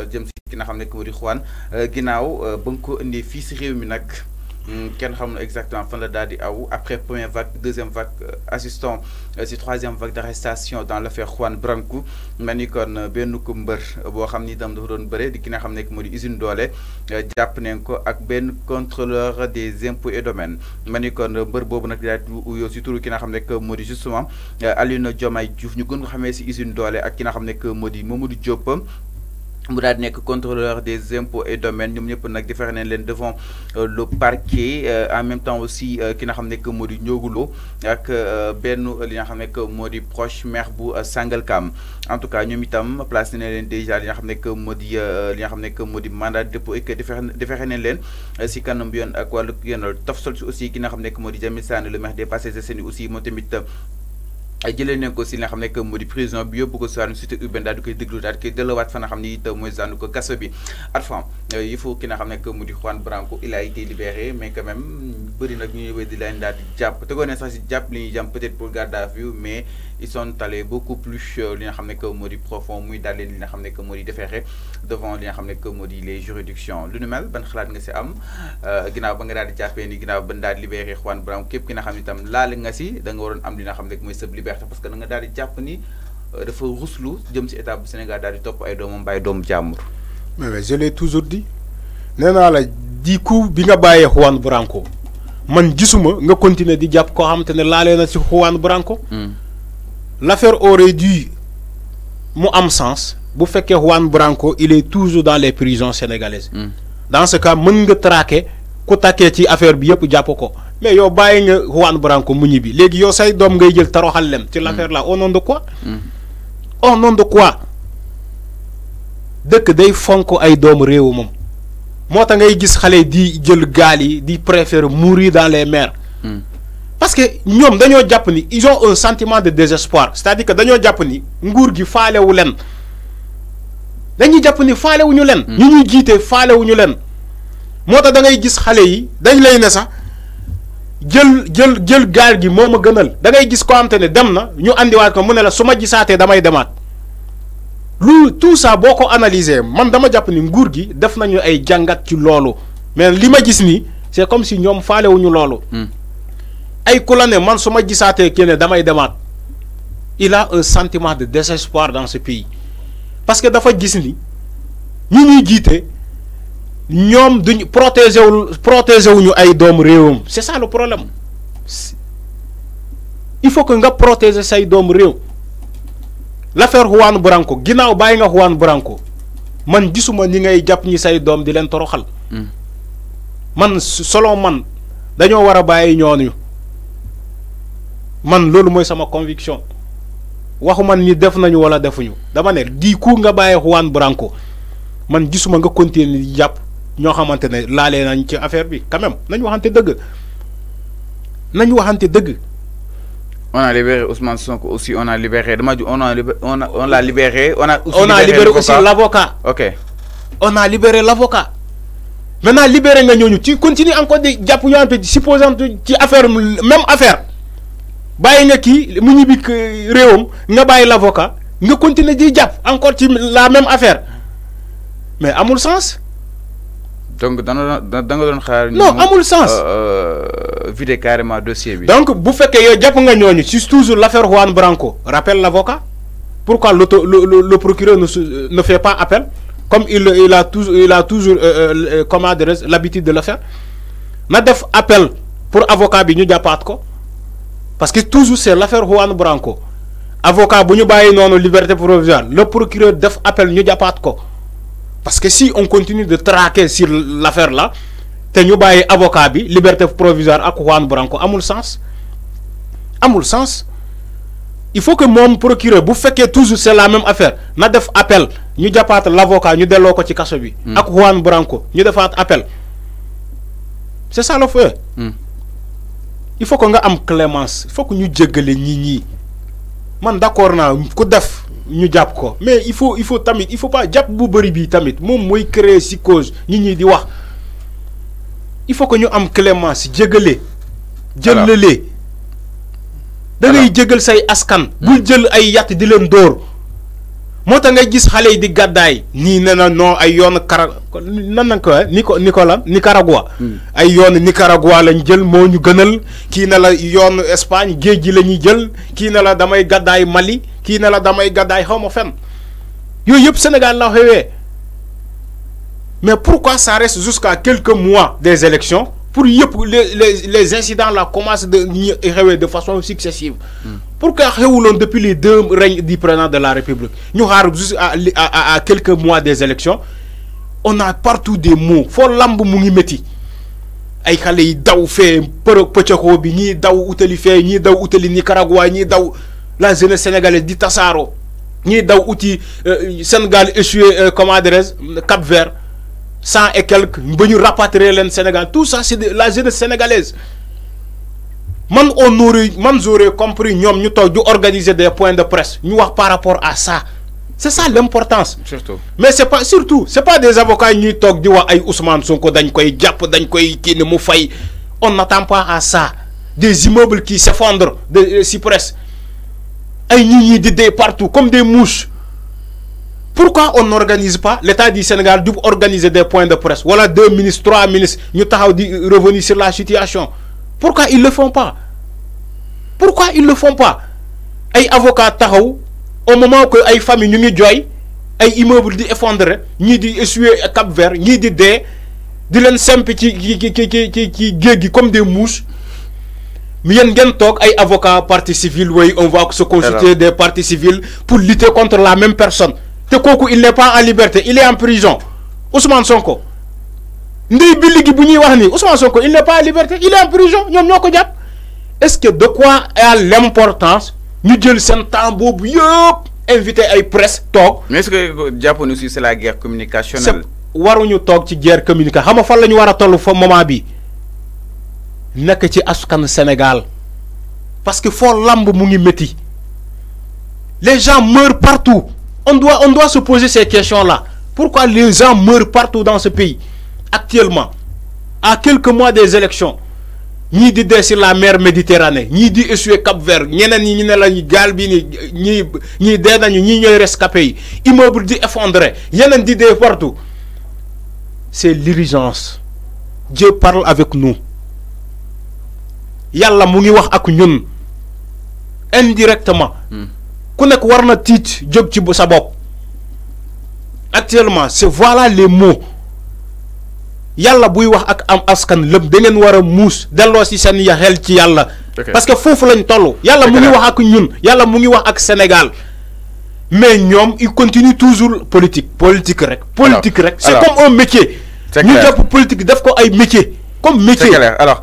Euh, jëm si ki nga xam ne moo di Juan euh, ginnaaw euh, ba nga ko indee fii mi nag hmm, kenn xamul exactement fan la dadi di aw après première vague deuxième vague assistant si troisième vague d'arrestation dans l'affaire Juan Branco ma ni kon benn ko mbër boo xam ni itam di ki nga xam ne moo di usine doole jàpp nañ ko ak ben contrôleur des impôts et domaines ma ni kon mbër boobu nag daal di uyoo turu ki nga xam ne moo justement Alioune Diomaye Diouf ñu gën ko xamee si usine doole ak ki nga xam ne moo di Mamadou Diop mu daal nekk contrôleur des impôts et domaines ñoom ñëpp nag defare nañ leen devant euh, le parquet euh, en même temps aussi euh, ki n'a xam que moo di ñooguloo ak benn li nga que moo proche maire bu Sangalkam en tout cas nous mettons placé nañ leen déjà li nga xam que moo di li nga que moo mandat de dépôt et que defare defare nañ leen si kanam yoon ak wàllu yoonal tof aussi ki n'a xam que moo di Sane le maire des Parcelles Assainies aussi moom tamit jëlee nañ ko si li nga xam que modi di prison bi yóbbu ko si cité urbaine daal di koy déglu daal di koy delloowaat fa nga xam it mooy zaanu ko kaso bi at euh, il faut ki nga xam que modi di Juan Branco il a été libéré mais quand même bëri nag ñuy ñëwee di leen daal di jàpp tegoon na sax si japp li ñuy jam peut-être pour garde à vue mais ils sont allés beaucoup plus euh, li nga xam que modi profond muy daal li nga xam que modi di déféré devant li nga xam que modi les juridictions lu nu mel ban xalaat nga ci am euh, ginaaw ba nga daal di jàppee ni ginaaw ba daal libéré Juan Branco képp ki nga xam ne itam laal nga ci da nga waroon am li nga xam ne mooy liberté parce que nga daal di jàpp ni euh, dafa ruslu jëm si état bu Sénégal daal di topp ay doomam bàyyi doomu jàmbur. mais je l'ai toujours dit nee naa la di coup bi nga bàyyee Juan Branco man gisuma nga continuer di jàpp koo xam te ne laalee na si Juan Branco. Hmm. l'affaire aurait dû mu am sens bu fekkee Juan Branco il est toujours dans les prisons sénégalaises. Hmm. dans ce cas mën nga traquer ku takkee ci affaire bi yëpp jàpp ko mais yow bàyyi nga Juan Branco mu ñibbi léegi yow say dom ngay jël taroxal lem ci mm. l'affaire là au nom de quoi mm. au nom de quoi dëkk day fonk ay doomu réewu moom moo tax ngay gis xale di jël gaal yi di préférer mourir dans les mers mm. parce que ñoom dañoo jàpp ni ils ont un sentiment de désespoir c'est-à-dire que dañoo jàpp ni nguur gi faalewu leen dañuy jàpp ni faalewuñu len ñu ñuy jiite faalewuñu len moo tax da ngay gis xale yi dañ lay ne sax jël jël jël gaal gi moo ma gënal da ngay gis ko am te ne dem na ñu andiwaat ko mu ne la su ma gisaatee damay demaat lu tout ça boo ko analyser man dama jàpp ni nguur gi def nañu ay jàngat ci loolu mais li ma gis nii c'est comme si ñoom faalewuñu loolu. Hmm. ay ku la ne man su ma gisaatee kii ne damay demaat il a un sentiment de désespoir dans ce pays parce que dafa gis ni ñu ñuy jiite. ñom duñ protéger wul protéger wuñu ay doomu réewam c'est ça le problème il faut que nga protéger say doomu réew l'affaire Juan Branco ginaaw bay nga Juan Branco man gisuma ñi ngay japp ñi say doom di len toroxal hmm. man solo man dañoo wara a ñooñu man lolu moy sama conviction waxuma ni def nañu wala defuñu dama ne di ku nga bàyyi Juan Branco man gisuma nga continuer japp ñoo xamante ne laalee nañ ci affaire bi quand même nañ waxante dëgg nañ waxante dëgg. on a libéré Ousmane Sonko aussi on a libéré dama ju on a on a on l'a libéré on a. on a libéré aussi l'avocat ok. on a libéré l'avocat maintenant libéré nga ñooñu ci continue encore di japp ñu ante supposant ci affaire même affaire bàyyi nga kii mu ñibi réewam nga bàyyi l'avocat nga continuer di jàpp encore ci la même affaire mais amul sens donc dans da dans cas non amul sens euh, euh, vider carrément dossier donc si fekkee yow nga ñooñu c'est toujours l'affaire Juan Branco rappelle l'avocat. pourquoi le procureur ne fait pas appel comme il il a toujours il a toujours euh, l'habitude de le faire na appel pour avocat bi ñu ko parce que toujours c'est l'affaire Juan Branco avocat bu ñu bàyyi nonu liberté provisoire le procureur def appel ñu jappat ko. Parce que si on continue de traquer sur l'affaire là, nous un avocat, liberté provisoire à Juan Branco, à mon sens. À sens. Il faut que mon procureur, vous faites toujours la même affaire. Nous avons appel, nous avons l'avocat, nous avons l'avocat qui lui, à Juan Branco, nous avons appel. C'est ça le feu. Hmm. Il faut qu'on ait clémence. Il faut que nous djégalions. Je suis d'accord. Je suis d'accord. ñu jàpp ko mais il faut il faut tamit il faut pas jàpp bu bari bii tamit moom mooy créer psychose ñu ñi di wax il faut que ñu am clémence jégale jëllalee da ngay jégal say askan hmm. bul jël ay yàtt di leen dóor moo tax ngay gis xale yi di gàddaay nii ne na non ay yoon kara nan na ko ni ko ni ko la Nicaragua hmm. ay yoon Nicaragua lañu jël moo ñu gënal kii na la yoon Espagne géej gi la jël kii na la damay gàddaay Mali kii ne la damay gàddaay xaw ma fenn yooyu yëpp Sénégal la xewee mais pourquoi ça reste jusqu'à quelques mois des élections pour yëpp les les incidents là commencent de de façon successive. Hmm. pourquoi xewuloon depuis les deux règnes du président de la République ñu xaar juste à quelques mois des élections on a partout des mots foo lamb mu ngi métti. ay xale yi daw fee përë pëccëxoo bi ñii daw utali fee ñii daw utali Nicaragua ñii daw la jeunesse sénégalaise di Tassaro. ñiy daw uti euh, Sénégal échoué euh, comme adresse, Cap Vert 100 et quelques nous ñu rapatrier en Sénégal tout ça c'est la jeunesse sénégalaise man on man compris nous ñu organisé organiser des points de presse nous wax par rapport à ça c'est ça l'importance surtout mais c'est pas surtout c'est pas des avocats qui ont di wax ay Ousmane Sonko dañ koy jàpp dañ koy mu on n'attend pas à ça des immeubles qui s'effondrent des euh, cypresses ay d'idées partout comme des mouches pourquoi on n'organise pas l'état du Sénégal doit organiser des points de presse voilà deux ministres trois ministres ñu taxaw di revenir sur la situation pourquoi ils le font pas pourquoi ils le font pas ay avocats taxaw au moment que ay famille ñu ngi jooy ay immeubles di effondré sont di Cap Vert ni di dee di comme des mouches yéen ngeen toog ay avocat partie civile way on va se consulter des partis civils pour lutter contre la même personne te il n'est pas en liberté il est en prison Ousmane Sonko ndey wax ni Ousmane Sonko il n'est pas en liberté il est en prison est-ce que de quoi a l'importance ñu jël seen temps boobu yëpp invité ay presse Talk. mais est-ce que Japon aussi c'est la guerre communicationnelle. waruñu toog ci guerre communication Comment nga fan la à war moment bi nekk ci askan Sénégal parce que fo lamb mu les gens meurent partout on doit on se poser ces questions là pourquoi les gens meurent partout dans ce pays actuellement à quelques mois des élections Ni di la mer Méditerranée ni di le Cap Vert ni ñi ñu ne la ni ñi ñii dee nañu ñii ñooy rescapé yi immeuble di partout c'est l'urgence Dieu parle avec nous yalla mu ngi wax ak ñun indirectement. Hmm. ku nekk war na tiit jóg ci sa actuellement c'est voilà les mots yàlla buy wax ak am askan le da ngeen war a muus delloo si seen ci yàlla. parce que foofu lañ toll. yàlla mu ngi wax ak ñun yàlla mu ngi wax ak Sénégal. mais ñoom il continue toujours politique. politique rek politique rek. c'est comme un métier. ñu jàpp politique def ko ay métier comme métier. alors.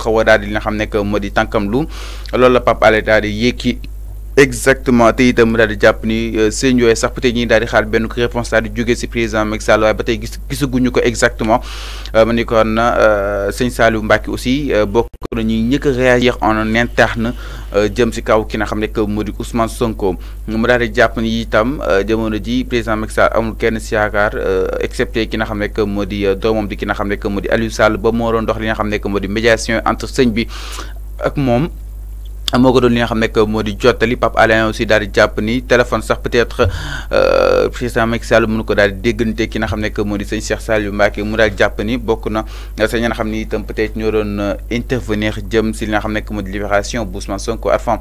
xaw a daal di nga xam nekk moo di tànkam lu loolu la Pape Alé daal di yéeki exactement te itam daal di jàpp ni euh, seen yooyu sax peut être ñi daal di xaar benn réponse daal di jógee si président Macky Sall waaye ba tey gis gisaguñu ko exactement euh, ma ni kon euh, sëñ Saliou Mbacke aussi bokk na ñuy ñëkk a réagir en na jëm si kaw ki na xam ne moo di Ousmane Sonko mu daal di jàpp ni itam jamono ji président Macky Sall amul kenn si yaakaar excepté ki na xam ne moo di doomam di ki na xam ne moo di Aliou Sall ba moo doon dox li nga xam ne moo di entre sëñ bi ak moom. amoko do li nga xam nekk moo di jottali Alain aussi daal di jàpp ni téléphone sax peut-être euh président Macky Sall mu ko daal di déggante ki nga xam nekk moo di sëñ Cheikh Saliou Mbacké mu dal japp ni bokk na sa nga xam ni itam peut-être ñu doon euh, intervenir jëm ci li nga xam nekk moo libération bu Ousmane Sonko arfan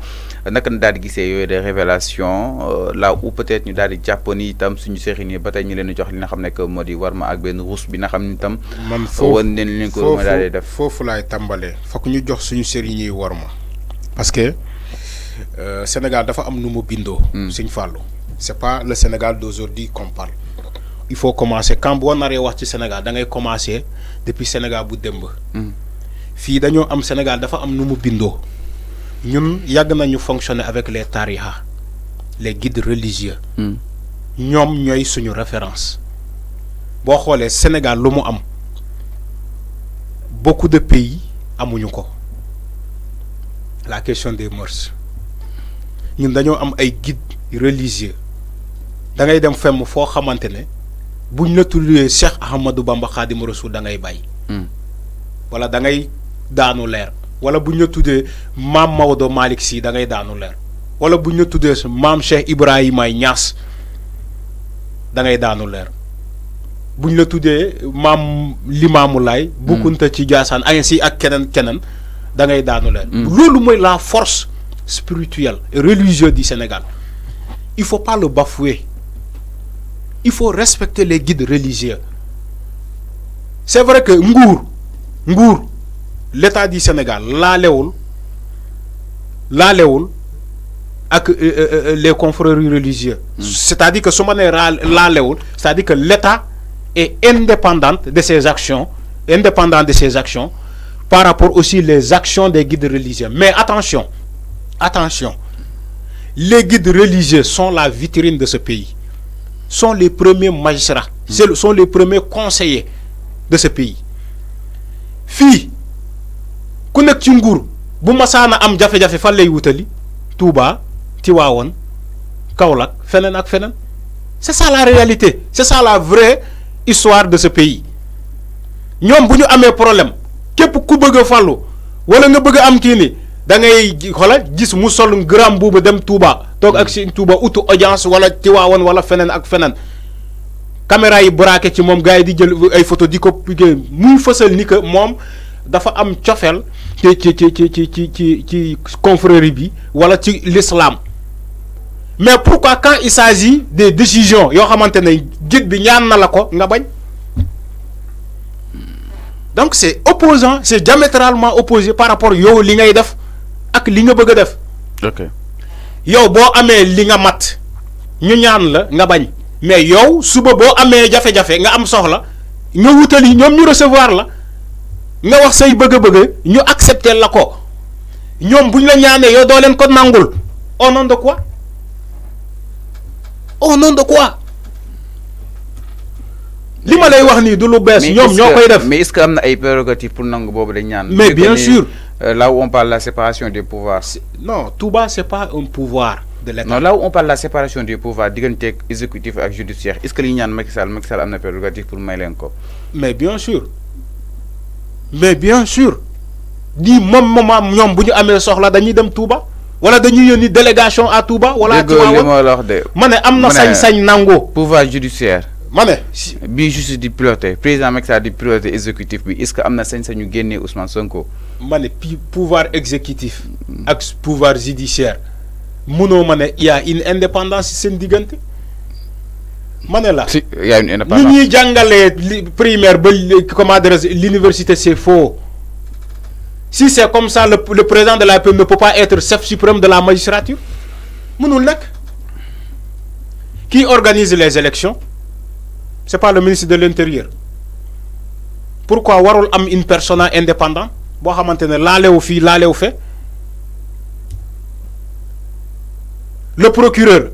nak na daal di gisee yooyu de révélation euh, là ou peut-être ñu daal di jàpp ni itam suñu serigne nii ba ñu leen jox li nga xam nekk moo di ak ben ruus bi nga xam ni itam man foofu wan leen li ko ma dal di def foofu laay tàmbalee fokk ñu jox suñu serigne ñuy war parce que euh, Sénégal dafa am numu bindo bindoo. Hmm. Sëñ c'est pas le Sénégal d'aujourd'hui qu'on parle. il faut commencer quand on arrive wax ci Sénégal da ngay commencer depuis Sénégal bu démb. Hmm. fi dañoo am Sénégal dafa am numu bindo ñun yag nañu fonctionner avec les tariha les guides religieux. Hmm. ñom ñoy suñu référence. Si on Sénégal lu mu am beaucoup de pays amuñu ko la question des mœurs ñun dañoo am ay guide religieux da ngay dem femm fo xamantene buñ la tuddee Cheikh Ahmadou Bamba Khadim Rasoul da ngay bàyyi. Hmm. wala da ngay daanu lèr. wala buñ la tuddee maam Maodo Malik Sy da ngay daanu lèr. wala buñ la tuddee maam Cheikh Ibrahima Niass da ngay daanu lèr. buñ la tuddee maam Limaamu Laay hmm. bukkunta ci ainsi ak kenen. Mm. la force spirituelle et religieuse du Sénégal il faut pas le bafouer il faut respecter les guides religieux c'est vrai que ngour l'état du Sénégal L'a laalewul Avec euh, euh, euh, les confréries religieux. Mm. c'est-à-dire que ce c'est-à-dire que l'état est indépendante de ses actions indépendant de ses actions par rapport aussi les actions des guides religieux. Mais attention, attention, les guides religieux sont la vitrine de ce pays, sont les premiers magistrats, hmm. Ce sont les premiers conseillers de ce pays. Fi, ku bu am Touba ak c'est ça la réalité c'est ça la vraie histoire de ce pays Nous avons un problème. képp ku bëgg a fàllu wala nga bëgg a am kii ni da ngay xoolal gis mu sol gram buuba dem Touba toog ak si Touba utu audience wala Tiwaawan wala feneen ak feneen caméra yi braqué ci moom gars yi di jël ay photo di ko muy fësal ni que moom dafa am cofeel ci ci ci ci ci ci ci ci confrérie bi wala ci lislaam mais pourquoi quand il s'agit des décisions yoo xamante ne jit bi ñaan na la ko nga bañ donc c'est opposant c'est diamétralement opposé par rapport yow li ngay def ak li nga bëgg def. ok yow bo amé li nga mat ñu ñaan la nga bañ mais yow suba bo amé jafe-jafe nga am soxla nga wutali ñom ñu recevoir la nga wax say bëgg-bëgg ñu accepter la ko ñom buñ la ñaanee yow do leen ko nangul au nom de quoi au nom de quoi li ma lay wax ni du lu bees. ñom ñoo def mais est ce que amna ay prérogatives pour nangu bobu dañ ñaan. mais bien sûr euh, là où on parle la séparation des pouvoirs. non Touba c'est pas un pouvoir. de l'état non là où on parle la séparation des pouvoirs digganteeg exécutif ak judiciaire est ce que li ñaan Macky Sall Macky Sall am prérogative pour may leen ko. mais bien sûr mais bien sûr di mom mom ñom buñu amé soxla dañuy dem Touba wala dañuy yoni délégation à Touba. wala à Tivaouane déggoo li sañ-sañ nangoo. pouvoir judiciaire mané suis juste justice di président mec sa di exécutif bi est-ce que am na sañ-sañu génnee Ousmane Sonko. mané pouvoir exécutif. ak pouvoir judiciaire mënoo mané Il y a une indépendance sen diganté mané la y a une indépendance ñuy primaire ba comment l'université c'est faux si c'est comme ça le le président de la République ne peut pas être chef suprême de la magistrature mënul nak qui organise les élections c'est pas le ministre de l'intérieur pourquoi warul a une personne indépendante maintenir xamante ne laalewu le procureur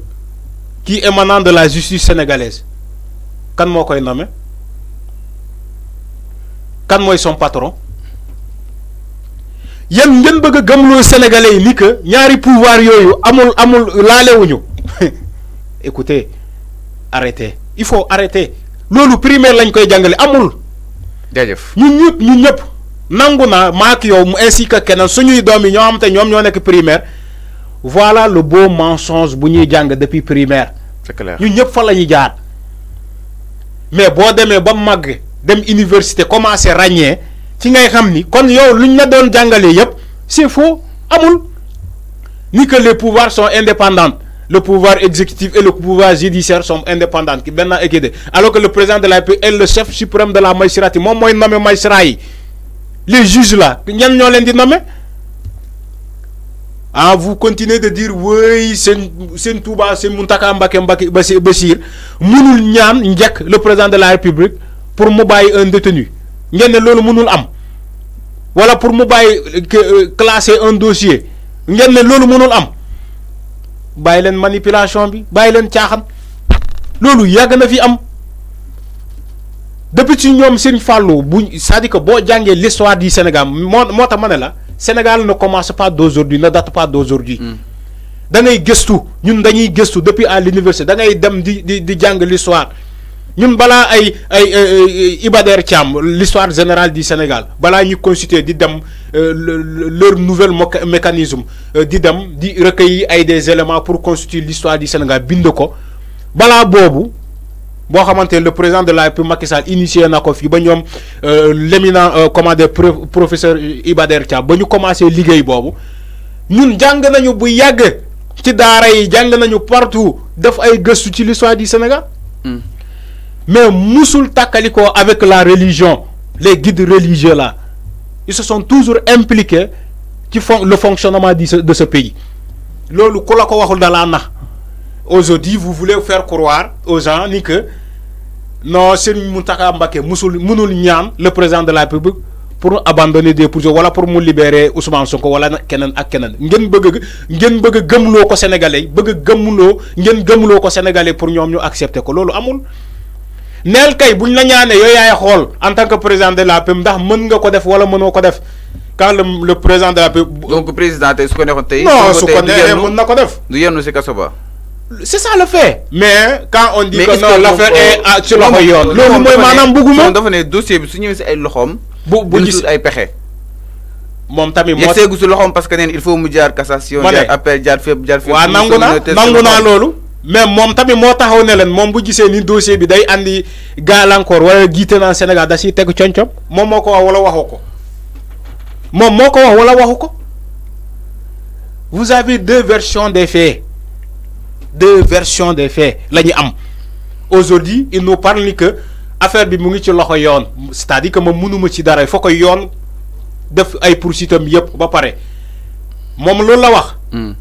qui est émanant de la justice sénégalaise kan moo koy nommé kan ils son patron il ngeen bëgg a gëmloo sénégalais ni que ñaari pouvoir yooyu amul amul pouvoir. écoutez arrêtez il faut arrêter lolu primaire lañ koy jàngale amul. jërëjëf ñun ñëpp ñun ñëpp nangu naa maak yow mu ainsi que keneen suñuy doom yi ñoo xam te ñoom ñoo nekk primaire voilà le beau mensonge bu ñuy jàng depuis primaire. c'est clair ñun ñëpp fa la ñuy jaar mais boo demee ba màgg dem université commencé ràññee ci ngay xam ni kon yow luñ la doon jàngalee yëpp c'est faux amul ni que les pouvoirs sont indépendants le pouvoir exécutif et le pouvoir judiciaire sont indépendants ki benn alors que le président de la République est le chef suprême de la magistrature moi, mooy nommé magistrat les juges là ñan ñoo leen di nommé ah vous continuez de dire oui c'est seen Touba c'est Mountakha Mbake Mbake Bassir mënul ñaan njëkk le président de la République pour mu un détenu ngeen le loolu mënul am wala pour mu euh, classer un dossier ngeen le loolu mënul am. bàyyi leen manipulation bi bàyyi leen caaxan loolu yàgg na fi am depuis ci ñoom Serigne Fallou bu cest à boo jàngee l'histoire du Sénégal moo moo tax ma ne la Sénégal ne commence pas d'aujourd'hui ne date pas d'aujourd'hui hmm. da ngay gëstu ñun dañuy gëstu depuis à l'université da ngay dem di di di jàng l'histoire ñun bala ay ay Iba l'histoire générale du Sénégal bala ñu constituer di dem euh, leur nouvel mécanisme euh, di dem di recueillir ay des éléments pour constituer l'histoire du Sénégal bind ko balaa boobu boo xamante le président de la République Macky Sall initié na ko ba ñom euh, l'éminent commandeur professeur ibader Der ba ñu commencer liguey bobu ñun jang nañu bu yagg ci daara yi jang nañu partout def ay gëstu ci l'histoire du Sénégal hmm mais musul Takaliko avec la religion les guides religieux là ils se sont toujours impliqués qui font le fonctionnement de ce pays loolu ku la aujourd'hui vous voulez faire croire aux gens ni que non c'est Mountakha Mbake, musul mënul le président de la République pour abandonner des projets wala pour me libérer Ousmane Sonko wala keneen ak keneen ngeen bëgg ngeen bëgg a gëmloo ko sénégalais bëgg a gëmloo ngeen gëmloo ko sénégalais pour ñoom accepter ko l'eau amul kay buñ la en tant que président de la PEM ndax mën nga ko def wala quand le le président de la PEM. donc président tey su ko non c'est ça le fait. mais quand on dit que l'affaire est euh, ci loxo yoon. mooy dafa dossier bi su ay bu bu ay parce que il faut mu jaar cassation. jaar appel jaar jaar même mom tamit mo taxaw ne len mom bu gisee ni dossier bi day andi gàllankoor wala jiite naa Sénégal da siy teg coñcoñ moom moo wax wala waxoko ko moko wax wala waxoko ko vous avez deux versions des faits deux versions des faits lañu am aujourd'hui il nous parle ni que affaire bi mu ngi ci loxo yoon c'est-à-dire que moom mënuma ci dara foo ko yoon def ay poursuites yep ba paré mom loolu la wax. mom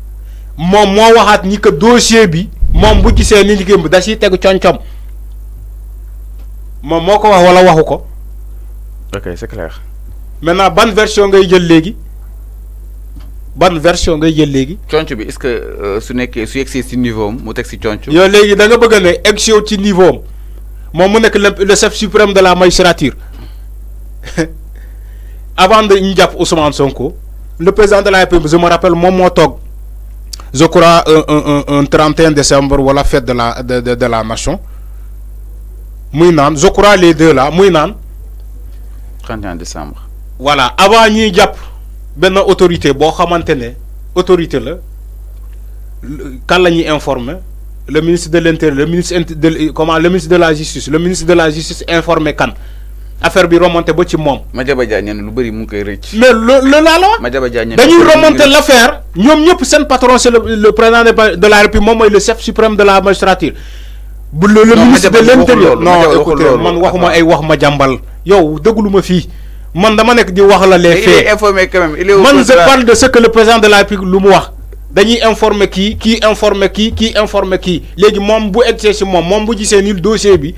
hmm. mo waxat ni que dossier bi mom bu gisee ni liggéey bi da ciy tegu chonchom. moom moo ko wax wala waxuko ok c'est clair. maintenant ban version ngay jël légui ban version ngay jël légui conc bi est-ce que euh, su nekkee su yegsee ci niveau mu teg ci conc. yow léegi da nga bëgg ne egg ci niveau mom mu nek le chef suprême de la magistrature avant de ñu jàpp Ousmane Sonko le président de la République je me rappelle mom mo tok je crois, un, un, un 31 décembre, voilà, fête de la, de, de, de la nation. Je crois les deux là, 31 décembre. Voilà, avant ñuy jàpp une autorité boo xamante autorité la quand informer le ministre de l'intérieur le ministre de le ministre de la justice le ministre de la justice informé kan affaire bi remonté ba ci moom. Madiaba Diagne lu bëri mu ngi koy rëcc. mais loolu laa la wax. Madiaba Diagne dañuy remonté l'affaire ñom ñep sen patron c'est le président de la République mom mooy le chef suprême de la magistrature. bu le ministre de l'intérieur. non écoutez man waxuma ay wax ma jambal yow déglu ma man dama nek di wax la les faits. il est informé quand même il est man je parle de ce que le président de la République lu mu wax. dañuy informer qui qui informer qui qui informer qui légui mom bu egg ci mom mom bu gisee ni dossier bi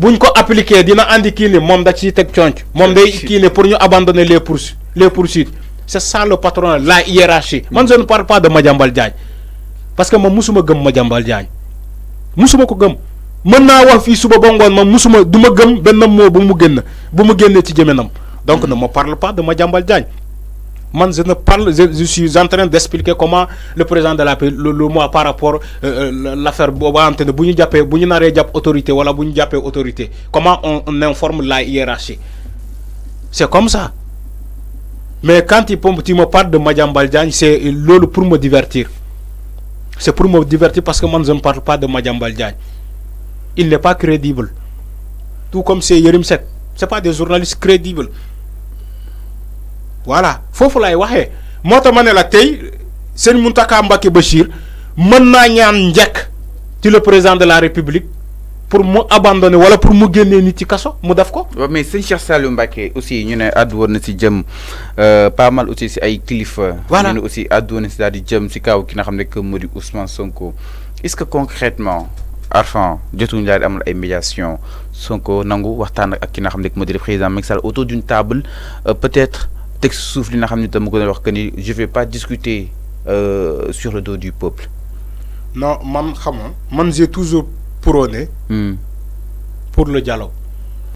buñ ko appliquer dina andi ki ni mom da ci tek tionc mom day ki ni pour ñu abandonner les poursuites les poursuites c'est ça le patron la hiérarchie man je ne parle pas de ma Diagne parce que mom musuma gëm Madiambal Diagne musuma ko gëm mën wax fi suba ba mom musuma duma ma gëm benn mot bu mu génn bu mu génnee ci jëmenam donc ne me parle pas de Madiambal Diagne je parle je, suis en train d'expliquer comment le président de la paix le, mois par rapport à euh, euh, l'affaire de ne autorité voilà autorité comment on, informe la hiérarchie c'est comme ça mais quand tu, me parles de Madiambal Diagne c'est pour me divertir c'est pour me divertir parce que je ne parle pas de Madiambal Diagne il n'est pas crédible tout comme c'est Yerim ne c'est pas des journalistes crédibles voilà fofu lay waxee moto tax ma ne la tey sëñ Mountakha Mbacké Bachir mën naa ñaan njëkk ci le président de la république pour mu abandonner wala pour mu guenné nit ci kasso mu daf ko. mais sëñ Cheikh Saliou mbake aussi ñu né àddu woon na si jëm euh, pas mal aussi ci ay klif voilà ñu aussi àddu woon na si daal di jëm ci kaw ki nga xam ne que moo Ousmane Sonko est-ce que concrètement Arfan jotuñu daal di amal ay médiation Sonko nangu waxtaan ak ki nga xam ne président Macky Sall autour d'une table euh, peut-être texte souffle li nga xam ne itam ne wax que ni je vais pas discuter euh, sur le dos du peuple. non man xam man j'ai toujours prôné. Mm. pour le dialogue.